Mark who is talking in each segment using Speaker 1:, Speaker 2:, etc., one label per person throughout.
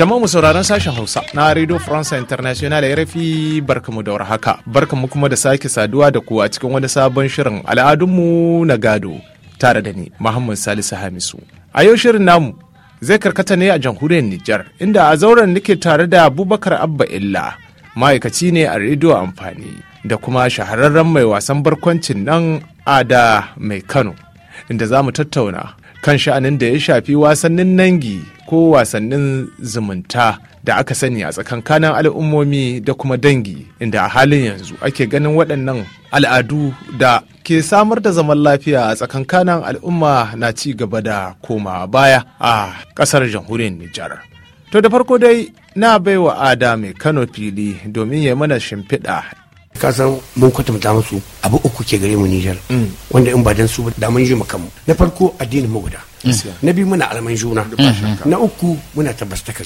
Speaker 1: Jama'a sauraron sashen Hausa na Radio France International RFI barkamu da warhaka. Barkamu kuma da sake saduwa da ku a cikin wani sabon shirin mu na gado tare da ni Muhammad Salisu Hamisu. A yau shirin namu zai karkata ne a jamhuriyar Nijar inda a zauren nake tare da Abubakar Abba Illa ma'aikaci ne a rediyo amfani da kuma shahararren mai wasan barkwancin nan Ada mai Kano inda za mu tattauna kan sha'anin da ya shafi wasannin nangi ko wasannin zumunta da aka sani a tsakankanin al'ummomi da kuma dangi inda a halin yanzu ake ganin waɗannan al'adu da ke samar da zaman lafiya a tsakankanin al'umma na ci gaba da koma baya a ƙasar jamhuriyar Nijar. To da farko dai na bai wa ada mai Kano fili domin ya mana shimfiɗa ka
Speaker 2: san mun kwatanta musu abu uku ke gare mu Nijar mm. wanda in ba dan su ba da mun ji makamu na farko addinin mu guda na biyu muna alman juna mhm. na uku muna tabbastaka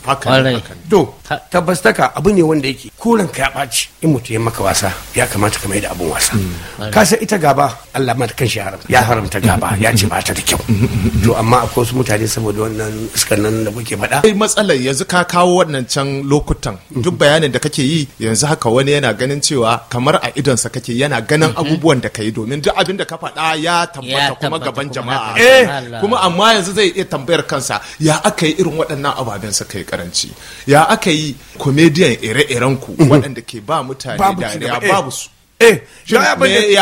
Speaker 2: to tabbastaka abu ne wanda yake koren ka ya ɓaci in mutum ya maka wasa ya kamata ka mai da abun wasa mm. kasa ita gaba Allah ma kan shi ya haramta gaba ya ce ba ta da kyau mm. to amma akwai wasu mutane saboda wannan iskan nan da kuke faɗa kai matsalar yanzu ka
Speaker 1: kawo wannan can lokutan mm-hmm. duk bayanin da kake yi yanzu haka wani yana ganin cewa kamar a idonsa kake yana ganin mm-hmm. abubuwan da ka yi domin duk abin da ka faɗa ya tabbata kuma gaban jama'a eh! kuma amma yanzu zai iya tambayar kansa ya aka yi irin waɗannan ababen suka yi karanci ya aka yi komediyan ire-iren ku mhm. waɗanda ke ba mutane dariya eh. babu su
Speaker 2: eh ya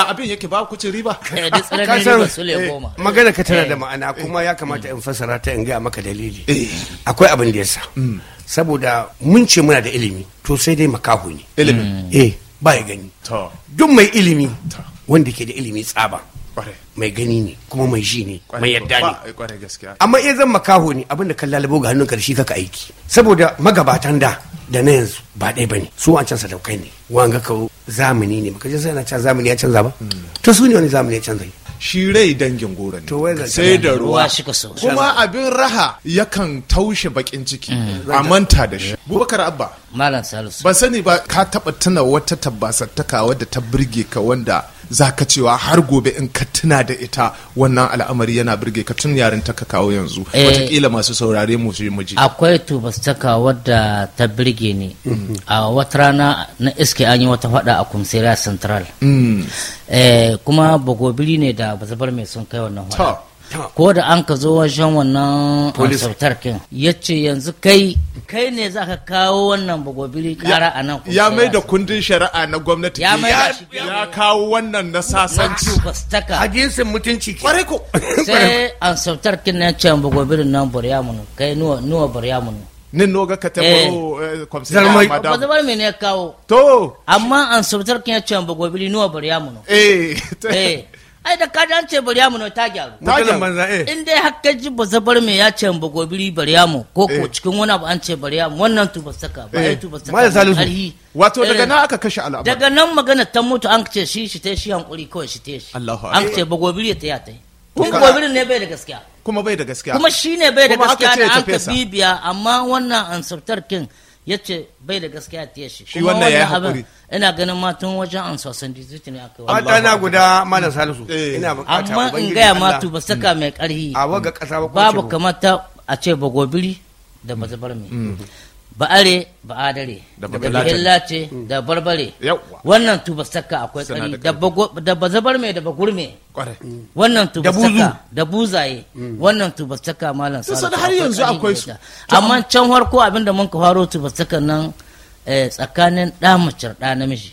Speaker 1: abin yake ba ku ci riba eh, eh,
Speaker 2: magana ka tana da ma'ana kuma ya kamata in fassara ta in ga maka dalili akwai abin da yasa mm. saboda mun ce muna da ilimi to sai dai makaho ne ilimi eh ba ya gani duk mai ilimi wanda ke da ilimi tsaba mai gani ne kuma mai ji ne mai yadda ne
Speaker 1: eh, amma
Speaker 2: iya zan makaho ne abinda kan lalabo ga hannun karshe kaka aiki saboda magabatan da da na yanzu ba ɗaya bane su an can sadaukai ne wanga ka zamani ne maka jinsa yana can zamani ya canza ba hmm. to su ne wani zamani ya canza shi rai dangin goro ne sai da ruwa kuma abin raha yakan taushe bakin ciki hmm. a
Speaker 1: manta da shi bubakar abba malam salisu ban sani ba ka taba tuna wata tabbasattaka wadda ta burge ka wanda za cewa har gobe in ka tuna da ita wannan al'amari yana birge ka tun yaren ta ka kawo yanzu eh. watakila masu saurare mu su muji
Speaker 3: akwai tubastaka ta wadda ta birge ne a wata rana na iske an yi wata fada a kumsera central mm. eh, kuma bagobiri ne da bazabar mai sun kai wannan fada ko da an ka zo wajen wannan sautar kin ya ce yanzu kai kai ne za ka kawo wannan bugobili kara a nan ya mai da kundin shari'a na gwamnati ya kawo
Speaker 1: wannan na sasanci
Speaker 3: hajjinsin mutunci kwarai ko sai an sautar kin na ce bugobili nan munu kai nuwa munu nin noga ka ta kwamsi eh. eh, kwamsila madam ba zabar ne kawo to amma an sautar kin ya ce bagobiri nuwa buryamunu eh, eh. ai da kaji an ce baryamu no ta gyaru gyaru banza eh in dai hakka ji ba zabar me ya ce ba gobiri baryamu ko ko eh. cikin wani abu an ce baryamu wannan tu ba saka ba ai eh. tu ba saka salisu wato daga eh. nan aka kashe al'amari daga nan magana ta mutu an ce shi shi tai shi hankuri kawai shi tai shi Allahu an ce ba gobiri ta ya tai kun gobirin ne bai da gaskiya kuma bai da gaskiya kuma shine bai da gaskiya da an ka bibiya amma wannan ansartar king ya ce bai da gaskiya ta shi shi wannan ya haƙuri ina ganin ma tun wajen an sosan dizuti ne aka wani mata na guda mana salisu eh. ina bukata amma in gaya ma tu ba saka mai ƙarhi babu kamata a ce bagobiri da ba mai mm. ba'are ba'adare da bahillace mm. da barbare wannan tuba saka akwai tsari da bazabar mai da gurme mm. wannan tuba saka da buzaye mm. wannan tuba saka malam sa har yanzu akwai su amma can harko abinda mun ka faro tuba saka nan eh, tsakanin da mace da namiji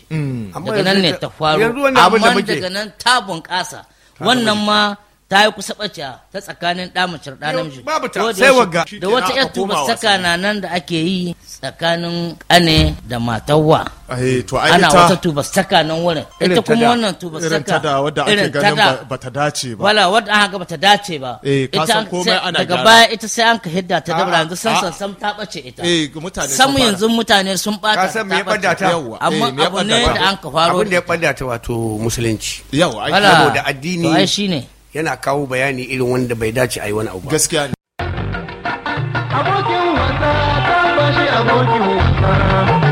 Speaker 3: daga nan ne ta faro amma daga nan ta bunƙasa wannan ma ta yi kusa ɓacewa ta tsakanin ɗa mace namiji. Babu ta sai waga. Da wata ƴar tuba saka na nan da ake yi tsakanin ƙane da matawa. Eh, ana wata tuba saka nan wurin. Ita kuma wannan tuba saka. Irin wadda ake ganin ba ta dace ba. Wala wadda aka ga ba ta dace ba. Eh, ita ka komai ana Daga baya ita sai an ka hidda ta dabara yanzu san san sam ta ɓace ita. Eh mutane yanzu mutane sun ɓata. ta san me eh, Amma abu ne da an ka faro. Abin da ya
Speaker 2: ɓadda ta wato musulunci. Yawa. Wala. Saboda addini. To ai shine. yana kawo bayani irin wanda bai dace a yi wani abu gaskiya ne abokin wasa ta bashi abokin wasa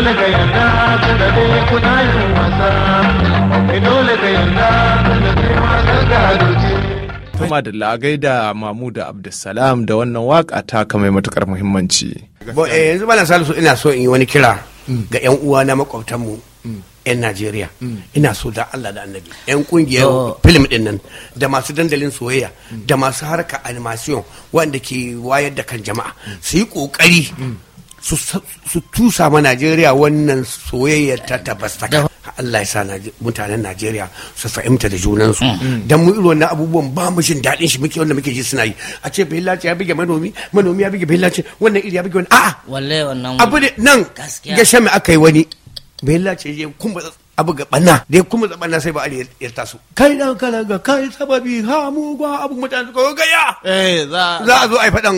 Speaker 1: dole
Speaker 2: Tuma da lagai da Mamu da Abdulsalam
Speaker 1: da wannan waka ta mai matukar muhimmanci.
Speaker 2: Eh, yanzu Malam Salisu ina so in yi wani kira ga 'yan uwa na makwabtanmu 'yan mm. Najeriya. Mm. Ina so da Allah da annabi. 'Yan kungiyar oh. film din nan da masu dandalin soyayya mm. da masu harka animation wanda ke wayar da kan jama'a su yi kokari su tusa ma najeriya wannan soyayya ta tabastaka Allah ya sa mutanen Najeriya su fahimta da junansu mm. mm. Don mu irin abubuwan ba mu jin daɗin shi muke wanda muke ji suna yi a ce billahi ya bige manomi manomi ya bige billahi wannan iri ya bige wani a'a wallahi wannan abu nan gashe mai aka yi wani billahi ya kumba abu ga banna dai kuma da banna sai ba ali ya taso kai dan ga kai sababi ha mu gwa abu mutane ko ga ya eh, za a zo a yi fadan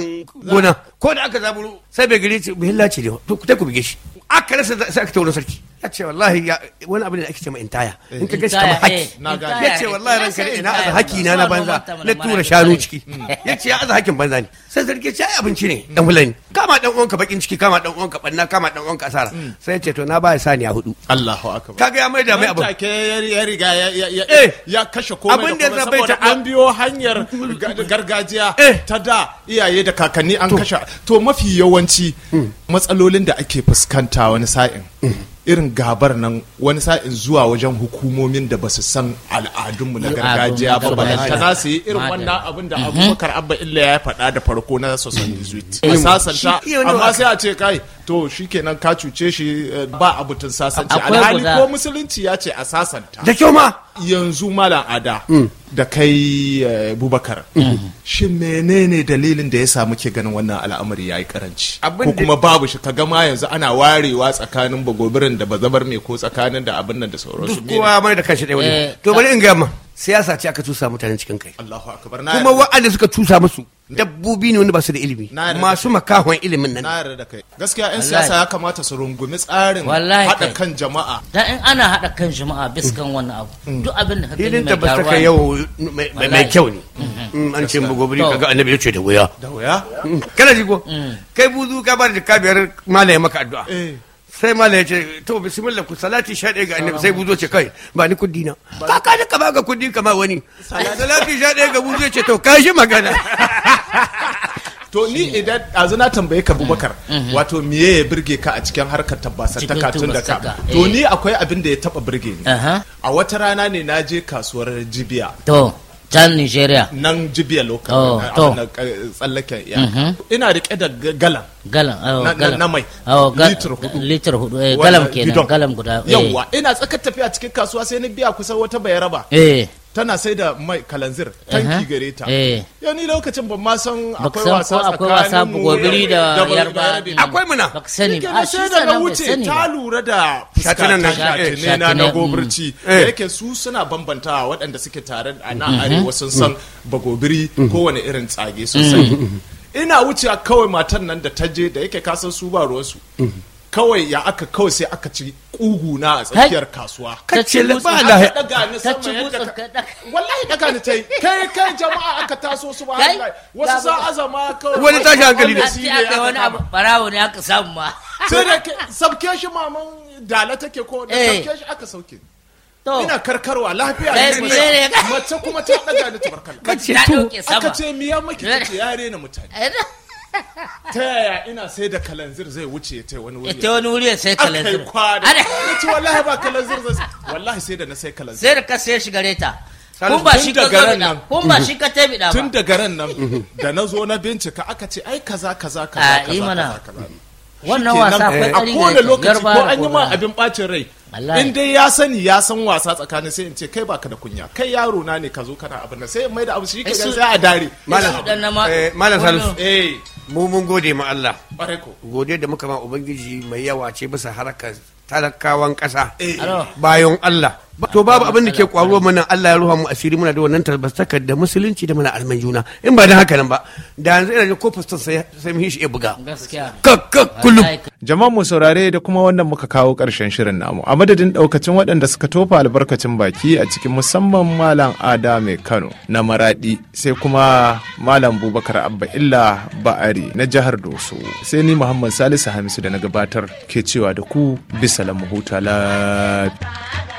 Speaker 2: gona ko da aka zaburu sai bai gire ce billahi ne to ku ta ku bige shi aka rasa sai aka tauro sarki ya ce wallahi wani abu ne da ake ce ma intaya eh. in ka gashi kamar haki eh, ya ce wallahi ranka ne na aza haki na na banza na tura shanu ciki ya ce ya aza hakin banza ne sai sarki ce ai abinci ne dan fulani kama dan uwanka bakin ciki kama dan uwanka banna kama dan uwanka asara hmm. sai ya ce to na ba ya hudu Allahu akbar kaga ya
Speaker 1: maida mai abu ya riga ya ya eh. kashe komai da komai saboda an biyo hanyar gargajiya ta da iyaye da kakanni an kashe to mafi yawanci hmm. matsalolin da ake fuskanta wani sa'in hmm. irin gabar nan wani sa'in zuwa wajen hukumomin da ba su san al'adunmu na gargajiya ba ta za su yi irin wannan abin da mhm. abubakar abba illa ya faɗa da farko na sosani mm. A mm. sasanta amma sai a ce kai to shi kenan ka cuce shi eh, ba abutun sasanci alhali ko musulunci ya ce a sasanta da kyau ma yanzu malam ada mm. da kai eh, bubakar mhm. shi menene dalilin da ya samu ke ganin wannan al'amari ya yi karanci ko kuma babu shi kaga ma yanzu ana warewa tsakanin bagobirin da bazabar mai ko tsakanin da abin nan da
Speaker 2: sauransu duk kowa mai da kashi daya eh, to bari eh. in gama siyasa ce aka tusa mutane cikin kai Allahu akbar na kuma wa'anda suka tusa musu dabbobi ne wanda ba su da ilimi masu makahon ilimin nan gaskiya yan siyasa
Speaker 3: ya kamata su rungumi tsarin hada kan jama'a da in ana hada kan jama'a biskan wannan abu mm. duk abin da ka gani mai gyaruwa yau mai kyau ne
Speaker 2: mm-hmm. mm, an ce mu buri kaga annabi ya ce da wuya da wuya mm. kana ko kai buzu ka bar da kabiyar malaya maka addu'a eh. sai mala ya ce to bismillah ku salati sha ɗaya ga annabi sai buzo ce kai ba ni kudi na ka ka ni ba ga kudi kama wani salati sha ɗaya ga buzo ce to ka shi magana to ni idan azu na tambaye ka bubakar mhm.
Speaker 1: wato miye ya birge ka a cikin harkar ta katun da ka to eh. ni akwai abin da ya taba birge ni
Speaker 3: a
Speaker 1: wata rana ne na je kasuwar Jibiya
Speaker 3: to can nigeria
Speaker 1: nan jibiya lokacin oh, to eh, tsallake. ya mm-hmm. ina rike da galan
Speaker 3: galan oh, na mai oh, litir hudu litir hudu eh, galam kenan galam guda eh. yawwa
Speaker 1: ina tsakar tafiya cikin kasuwa sai ni biya kusan wata bayaraba eh tana sai da mai kalanzir tanki gare ta eh. yau ni lokacin ban ma san akwai wasa
Speaker 3: gobiri da yarba
Speaker 2: akwai muna ba sani ba shi da wuce ta lura da shatinan eh, na na gobirci mm. eh. yake
Speaker 1: su suna bambanta waɗanda suke tare a na mm-hmm. arewa sun mm-hmm. san bagobiri mm-hmm. kowane irin tsage sosai ina wuce kawai matan nan da ta je da yake kasan su ba ruwansu kawai ya aka kawai sai aka ci kugu na a tsakiyar kasuwa ka ci ba la daga ni sama yadda wallahi daga ni yi. kai kai jama'a aka taso su ba wasu za azama kawai wani tashi hankali ne shi ne wani abu
Speaker 3: barawo ne aka samu ma sai da
Speaker 1: sauke shi maman dala take ko da eh. sauke shi aka sauke
Speaker 3: ina karkarwa lafiya eh, ne
Speaker 1: mace kuma ta daga ni tabarkala. Kace to aka ce miya maki yare eh, na mutane ta yaya ina sai da kalanzir zai wuce ta wani wuri ta wani wuri sai kalanzir akai
Speaker 3: kwana ya ce wallahi ba kalanzir zai wallahi sai da na sai kalanzir sai da ka sai shi gare ta kun ba shi ka nan kun ba shi ka da ba tun
Speaker 1: da ran nan da na zo na bincika aka ce ai kaza kaza kaza ah, kaza kaza wannan wasa akwai a kowane lokaci ko an yi ma abin bacin rai in dai ya sani ya san wasa tsakanin sai in ce kai baka da kunya kai yaro na ne ka zo kana abin nan sai mai da abu shi ke sai a dare malam eh, salisu
Speaker 2: eh. mu mun gode ma Allah gode da muka ma ubangiji mai yawa ce bisa harkar talakawan ƙasa eh. bayan Allah to babu abin da ke kwaruwa mana Allah ya ruha mu asiri muna da wannan tabbatakar da musulunci da muna alman juna in ba dan haka nan ba da yanzu ina da ko fustan sai sai mun shi buga gaskiya
Speaker 1: kullum jama'a mu saurare da kuma wannan muka kawo karshen shirin namu a madadin daukacin waɗanda suka tofa albarkacin baki a cikin musamman malam Ada mai Kano na Maradi sai kuma malam Bubakar Abba Illa Ba'ari na jihar Doso sai ni Muhammad Salisu Hamisu da na gabatar ke cewa da ku bisa lamu lafiya